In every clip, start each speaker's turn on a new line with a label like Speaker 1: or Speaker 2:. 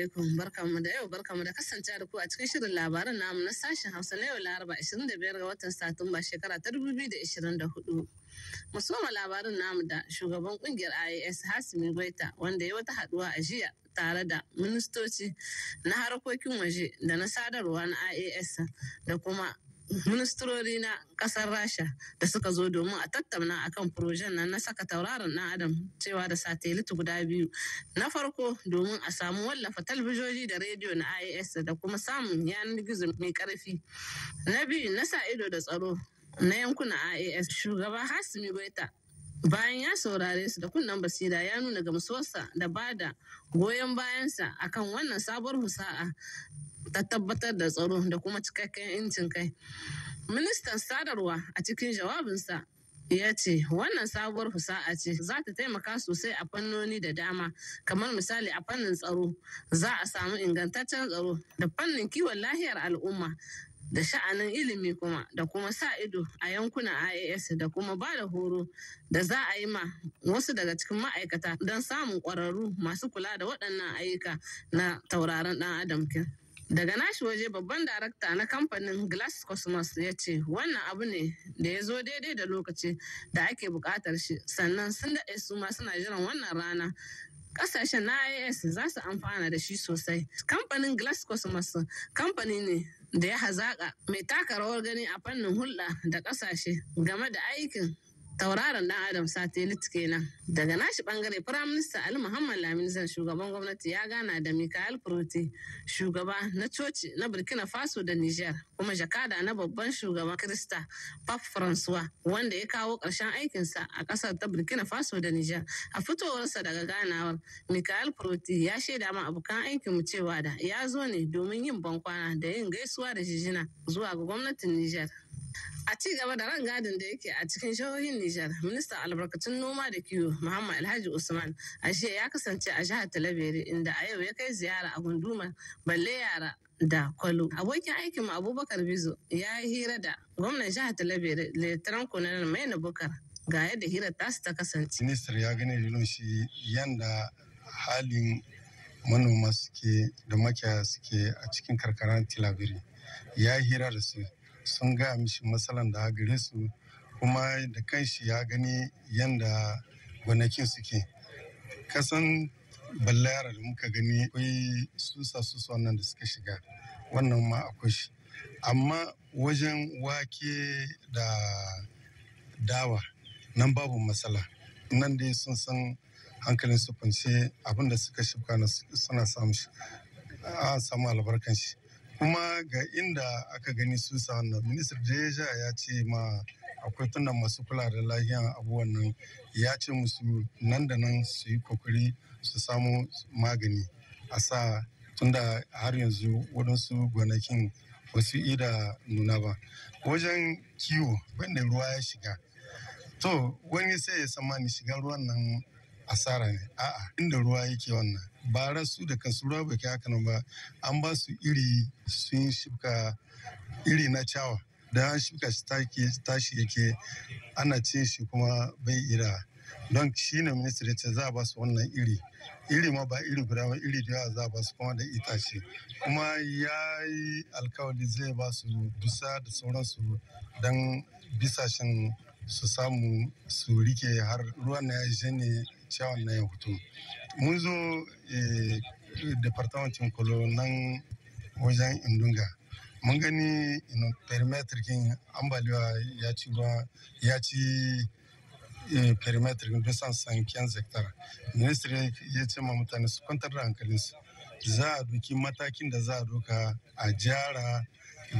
Speaker 1: alaikum barkamu da yau barkamu da kasance da ku a cikin shirin labaran namu na sashen Hausa na yau Laraba 25 ga watan Satumba shekara ta 2024. soma labarin namu da shugaban kungiyar IAS Hasimi Goita wanda ya wata haduwa a jiya tare da ministoci na harkokin waje da na sadarwa na IAS da kuma ministrori na kasar rasha da suka zo domin a tattauna akan furojen nan na saka tauraron dan adam cewa da satelit guda biyu na farko domin a samu wallafa talbijoji da rediyo na ias da kuma samun yanar gizo mai karfi na biyu na sa ido da tsaro na yankuna ias shugaba hasimi goita bayan ya saurare su da kunnen basira ya nuna gamsuwarsa da bada goyon bayansa akan wannan sabuwar husa'a ta tabbatar da tsaro da kuma cikakken incin kai. Ministan sadarwa a cikin jawabinsa ya ce wannan sabuwar fusa'a ce za ta taimaka sosai a fannoni da dama kamar misali a fannin tsaro za a samu ingantaccen tsaro da fannin kiwon lahiyar al'umma da sha'anin ilimi kuma da kuma sa ido a yankunan IAS da kuma ba da horo da za a yi ma wasu daga cikin ma'aikata don samun ƙwararru masu kula da waɗannan ayyuka na tauraron ɗan adam kin. Daga nashi waje babban darakta na kamfanin Glass Cosmos ya ce wannan abu ne da ya zo daidai da lokaci da ake bukatar shi sannan sun daɗe su ma suna jiran wannan rana. Kasashen na IAS za su amfana da shi sosai. Kamfanin Glass Cosmos kamfani ne da ya hazaƙa mai taka rawar gani a fannin hulɗa da ƙasashe game da aikin tauraron dan adam satelit kenan daga nashi bangare prime minister ali muhammad lamizan zan shugaban gwamnati ya gana da Mikael prote shugaba na coci na burkina faso da niger kuma jakada na babban shugaban krista pap francois wanda ya kawo ƙarshen aikinsa a ƙasar ta burkina faso da niger a fitowarsa daga ganawar Mikael prote ya shaida ma abokan aikin mu cewa da ya zo ne domin yin bankwana da yin gaisuwa da jijina zuwa ga gwamnatin niger A ci gaba da rangadin da yake a cikin jihohin Nijar, ministan albarkatun noma da kiwo Muhammad Alhaji Usman ashe ya kasance a jihar Talabere inda a yau ya kai ziyara a gundumar balle yara da kwalo. Abokin aikin mu Abubakar Bizo ya yi hira da gwamnan jihar Talabere Letran Kunanar Maina Bukar ga yadda hirar tasu ta kasance.
Speaker 2: Ministar ya gani lilon shi yanda halin manoma suke da makiyaya suke a cikin karkarar Talabere ya hira da su. sun gaya mishi matsalan da hagarinsu su kuma da kanshi ya gani yadda gwanakin suke kasan balla yara da muka gani akwai susa susa wannan da suka shiga wannan ma akwai shi amma wajen wake da dawa nan babu matsala nan dai sun san hankalin su kwance abinda suka shi suna samu a albarkan shi kuma ga inda aka gani su sa wannan ministar deja ya ce ma akwai tunan masu kula da lahiyan abubuwan nan ya ce musu nan da nan su yi kokari su samu magani a sa tunda har yanzu waɗansu gonakin ba ida nuna ba wajen kiwo wanda ruwa ya shiga to wani sai ya samani shiga ruwan nan asara ne a'a inda ruwa yake wannan bara su da kansu ruwa bai kai haka nan ba an ba su iri sun shifka iri na cawa da an shifka shi tashi yake ana cin shi kuma bai ira don shi ne ministry ce za a ba su wannan iri iri ma ba iri guda ba iri da za a ba su kuma da itace kuma ya yi alkawari zai ba su dusa da sauransu don bisashen su samu su rike har ruwan na ya ne sha wannan ya fito mun zo eh, departamentin kolo nan wajen indunga mun gani perimeter ambaliwa ambaliya ya ci ba ya ci eh, perimetrikin dusan sankiyan zektar ministri ya ce ma mutane su kwantar da hankalinsu za a duki matakin da za a doka a jara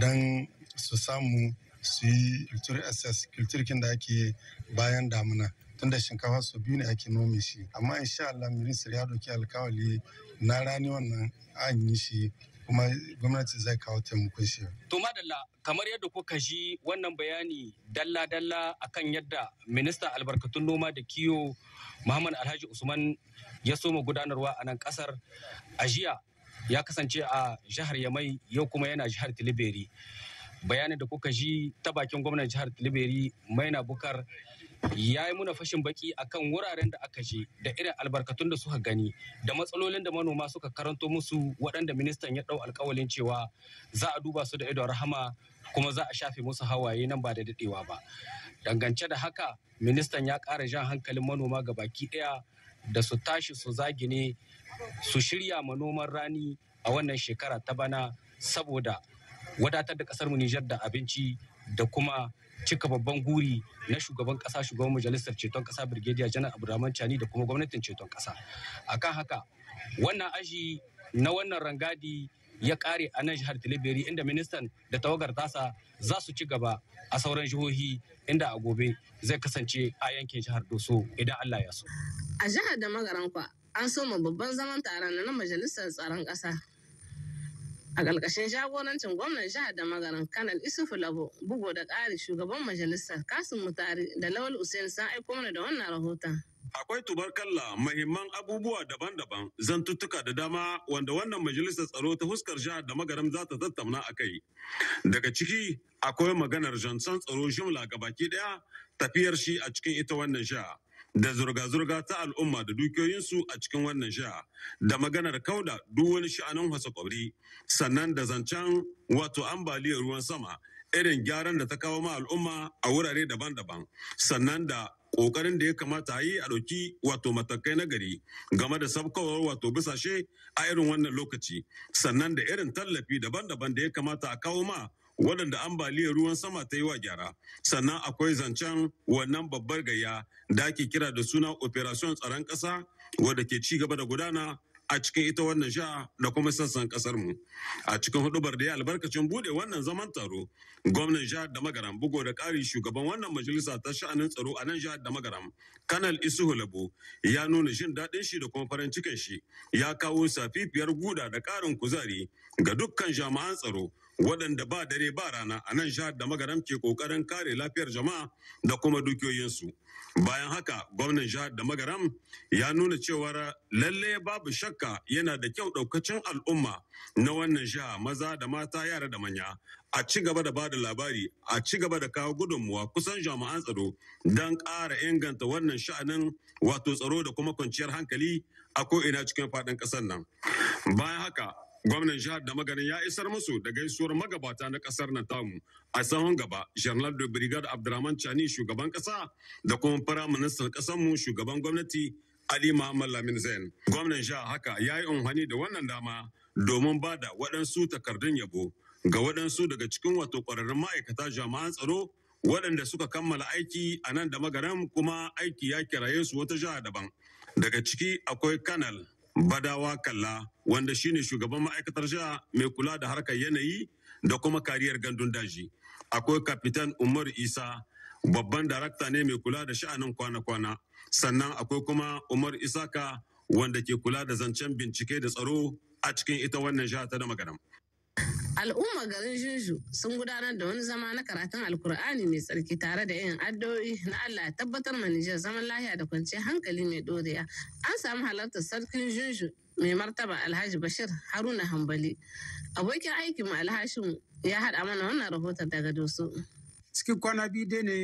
Speaker 2: don su samu su yi culture da ake bayan damuna tunda shinkafa su biyu ne ake nome shi amma insha Allah ministry ya doki alkawali na rani wannan an yi shi kuma gwamnati zai kawo taimakon shi.
Speaker 3: To madalla kamar yadda kuka ji wannan bayani dalla-dalla akan yadda ministan albarkatun noma da kiwo Muhammad Alhaji Usman ya soma gudanarwa a nan kasar a jiya ya kasance a jihar Yamai yau kuma yana jihar Tiliberi. Bayanin da kuka ji ta bakin gwamnan jihar Tilibiri Maina Bukar ya yi muna fashin baki akan wuraren da aka je da irin albarkatun da suka gani da matsalolin da manoma suka karanto musu waɗanda ministan ya ɗau alkawalin cewa za a duba su da ido rahama kuma za a shafe musu hawaye nan ba da daɗewa ba dangance da haka ministan ya ƙara jan hankalin manoma ga baki ɗaya da su tashi su zagine su shirya manoman rani a wannan shekara ta bana saboda wadatar da ƙasarmu Nijar da abinci da kuma cika babban guri na shugaban kasa shugaban majalisar ceton kasa Birgediya janar abdulrahman chani da kuma gwamnatin ceton kasa akan haka wannan aji na wannan rangadi ya kare a nan jihar Tilibiri inda ministan da tawagar tasa za su ci gaba a sauran jihohi inda a gobe zai kasance a yankin jihar Doso idan Allah ya so.
Speaker 1: A jihar da magaran an soma babban zaman taron na majalisar tsaron ƙasa a ƙarƙashin jagorancin gwamnan jihar da maganin kanal isufu labo bugu da ƙari shugaban majalisar kasim mutari da lawal usain sun aiko mana da wannan rahoton
Speaker 4: Akwai tubarkalla mahimman abubuwa daban-daban zantuttuka da dama wanda wannan majalisar tsaro ta huskar jihar da magaram za ta tattauna a kai. Daga ciki akwai maganar jansan tsaro jimla baki daya tafiyar shi a cikin ita wannan jiha. da zurga-zurga ta al'umma da dukiyoyinsu a cikin wannan jiha da maganar kauda duk wani sha'anin wasa kwabri sannan da zancen wato ambaliyar ruwan sama irin gyaran da ta kawo ma al'umma a wurare daban-daban sannan da kokarin da ya kamata a yi a ɗauki wato matakai na gari game da sabkawar wato bisashe a irin wannan lokaci sannan da irin tallafi daban-daban da ya kamata a kawo ma waɗanda ambaliyar ruwan sama ta yi wa gyara sannan akwai zancen wannan babbar gayya da ake kira da suna operation tsaron ƙasa wadda ke ci gaba da gudana a cikin ita wannan sha da kuma sassan ƙasar mu a cikin hudubar da ya albarkacin bude wannan zaman taro gwamnan jihar da magaram bugo da ƙari shugaban wannan majalisa ta sha'anin tsaro a nan jihar da magaram kanal isuhu labo ya nuna jin daɗin shi da kuma farin cikin shi ya kawo safifiyar guda da ƙarin kuzari ga dukkan jami'an tsaro waɗanda ba dare ba rana a nan jihar da magaram ke ƙoƙarin kare lafiyar jama'a da kuma dukiyoyinsu bayan haka gwamnan jihar da magaram ya nuna cewar lalle babu shakka yana da kyau ɗaukacin al'umma na wannan jiha maza da mata yara da manya a ci gaba da bada labari a ci gaba da kawo gudunmuwa kusan jami'an tsaro don ƙara inganta wannan sha'anin wato tsaro da kuma kwanciyar hankali a ko'ina cikin faɗin ƙasar nan bayan haka Gwamnan jihar da maganin ya isar musu da gaisuwar magabata na kasar na tamu a sahun gaba janar da Brigad Abdurrahman Chani shugaban kasa da kuma fara ministan mu shugaban gwamnati Ali Muhammad Lamin Zain. Gwamnan jihar haka ya yi unhani da wannan dama domin ba da waɗansu takardun yabo ga waɗansu daga cikin wato ƙwararrun ma'aikata jami'an tsaro waɗanda suka kammala aiki a nan da maganin kuma aiki ya kiraye su wata jiha daban. Daga ciki akwai Kanal Badawa Kalla wanda shine shugaban ma'aikatar jiha mai kula da harkar yanayi da kuma kariyar gandun daji. Akwai Kapitan Umar Isa babban darakta ne mai kula da sha'anin kwana-kwana. Sannan akwai kuma Umar Isaka wanda ke kula da zancen bincike da tsaro a cikin ita wannan jiha ta da magaram.
Speaker 1: al'umma garin jinju sun gudanar da wani zama na karatun Alkur'ani mai tsarki tare da yin addu'o'i na Allah ya tabbatar ma Nijar zaman lahiya da kwanciyar hankali mai ɗoriya. An samu halartar sarkin jinju mai martaba Alhaji Bashir Haruna Hambali. Abokin aikin mu Alhashin ya haɗa mana wannan rahoton daga Doso.
Speaker 5: Cikin kwana biyu dai ne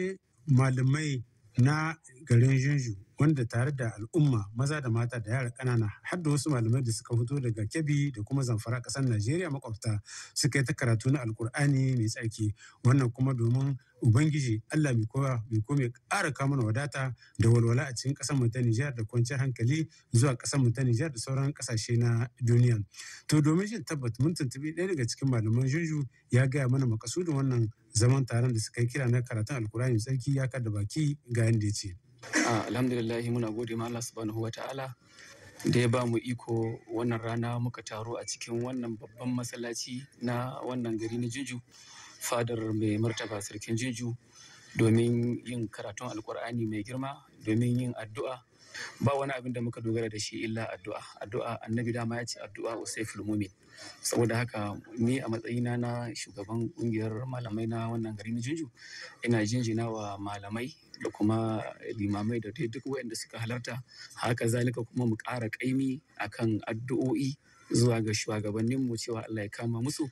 Speaker 5: malamai na garin jinju wanda tare da al'umma maza da mata da yara ƙanana har da wasu malamai da suka fito daga kebbi da kuma zamfara ƙasar najeriya makwabta suka yi ta karatu na alkur'ani mai tsarki wannan kuma domin ubangiji allah mai kowa mai kome ƙara kamun wadata da walwala a cikin ƙasar mu ta nijar da kwanciyar hankali zuwa ƙasar mu ta nijar da sauran ƙasashe na duniya to domin jin tabbat mun tuntubi ɗaya daga cikin malaman junju ya gaya mana makasudin wannan zaman taron da suka yi kira na karatun alkur'ani tsarki ya kada baki ga yanda ya ce
Speaker 3: Alhamdulillah muna gode ma Allah subhanahu wa ta'ala da ya ba mu iko wannan rana muka taro a cikin wannan babban masallaci na wannan gari na Juju fadar mai martaba sarkin Juju domin yin karatun alkur'ani mai girma domin yin addu'a ba wani abin da muka dogara da shi illa addu'a addu'a annabi dama ya ce addu'a usaiful mumin saboda haka ni a matsayina na shugaban kungiyar malamai na wannan gari na jinju ina jinjina wa malamai da kuma limamai da duk waɗanda suka halarta haka zalika kuma mu ƙara ƙaimi akan addu'o'i zuwa ga shugabannin mu cewa Allah ya kama musu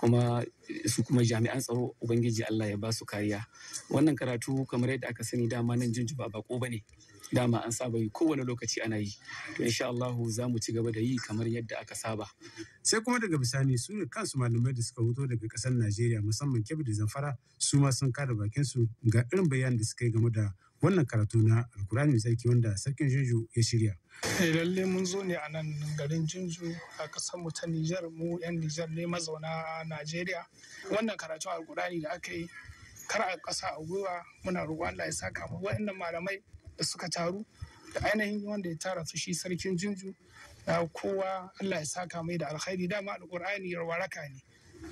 Speaker 3: kuma su kuma jami'an tsaro ubangiji Allah ya ba su kariya wannan karatu kamar yadda aka sani dama nan jinju ba bako bane dama an saba yi kowane lokaci ana yi to insha Allah za mu ci gaba da
Speaker 5: yi kamar yadda aka saba sai kuma daga bisani su ne kansu malamai da suka hoto daga kasar Najeriya musamman Kebbi da Zamfara su ma sun kada bakin su ga irin bayan da suka yi game da wannan karatu na Alkurani mai tsarki wanda sarkin Jinju ya shirya
Speaker 2: eh, lalle mun zo ne a nan garin Jinju a kasar mu ta Nijar mu yan Nijar ne mazauna Najeriya wannan karatun Alkurani da aka yi kar a kasa a gwiwa muna roƙon Allah ya saka mu waɗannan malamai da suka taru da ainihin wanda ya tara su shi sarkin jinju da kowa Allah ya saka mai da alkhairi dama alqur'ani waraka ne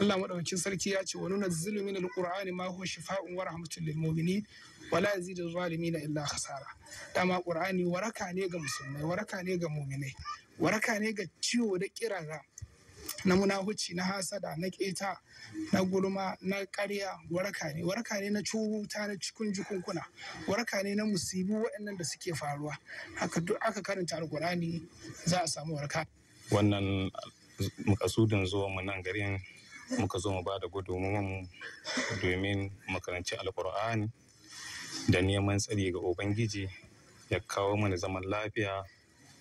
Speaker 2: Allah madaukakin sarki ya ce wa nunazzilu min alqur'ani ma huwa shifa'un wa rahmatul lil mu'minin wa la yazidu zalimin illa khasara dama qur'ani waraka ne ga musulmai waraka ne ga mu'minai waraka ne ga ciwo da kirara na munahuci na hasada na keta na gulma na karya waraka ne waraka ne na cuta na cikin jikunkuna waraka ne na musibu waɗannan da suke faruwa haka duk aka karanta alkurani za a samu waraka
Speaker 3: wannan makasudin zuwa mu nan garin muka zo mu ba da mu domin makaranci alkur'ani da neman tsari ga ubangiji ya kawo mana zaman lafiya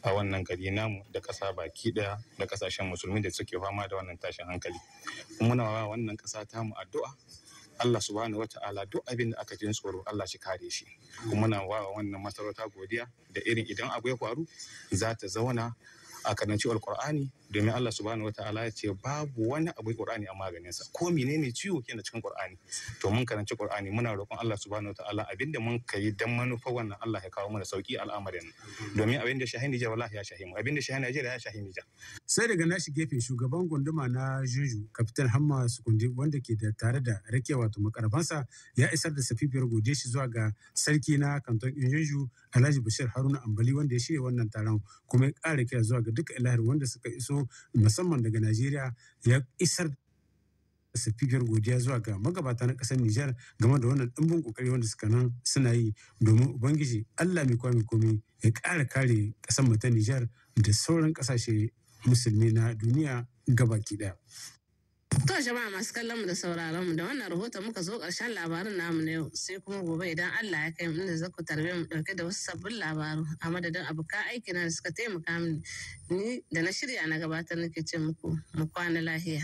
Speaker 3: a wannan gari namu da kasa baki ɗaya da ƙasashen musulmi da suke fama da wannan tashin hankali muna wa wannan ƙasa tamu addu'a Allah subhanahu wa ta'ala duk abin da aka jin tsoro Allah shi kare shi kuma muna wa wannan masarauta godiya da irin idan abu ya faru za ta zauna a karanci alkur'ani domin Allah subhanahu wataala ya ce babu wani abu qur'ani a maganin maganinsa ko menene ciwo ke cikin qur'ani to mun karanci qur'ani muna roƙon Allah subhanahu wataala abinda mun kai dan manufa wannan Allah ya kawo mana sauki al'amarin domin abinda shahin Nijar wallahi ya shahin abin abinda shahin Nijar ya shahin
Speaker 5: Nijar sai daga nashi gefe shugaban gunduma na Juju kapitan Hamma Sukundi wanda ke da tare da rake wato makarabansa ya isar da safifiyar gode shi zuwa ga sarki na kanton Juju Alhaji Bashir Haruna Ambali wanda ya shirya wannan taron kuma ya ƙara kira zuwa ga duka ilahir wanda suka iso musamman daga Najeriya ya isar safifiyar godiya zuwa ga magabata na ƙasar Nijar game da wannan ɗimbin ƙoƙari wanda suka nan suna yi domin Ubangiji Allah mai kwami komai ya ƙara kare kasar mu ta Nijar da sauran kasashe musulmi na duniya gabaki ɗaya.
Speaker 1: To jama'a masu kallon mu da sauraron mu da wannan rahoton muka zo karshen labarin namu na yau sai kuma gobe idan Allah ya kai mu inda zaku tarbe mu dauke da wasu sabbin labaru a madadin abokan aiki na da suka taimaka mini ni da na shirya na gabatar nake ce muku mu kwana lahiya.